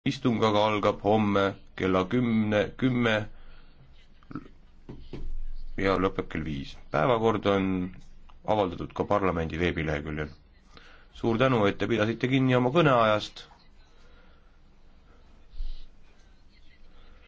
istung aga algab homme kella kümne, kümme ja lõpeb kell viis. päevakord on avaldatud ka parlamendi veebileheküljel. suur tänu, et te pidasite kinni oma kõneajast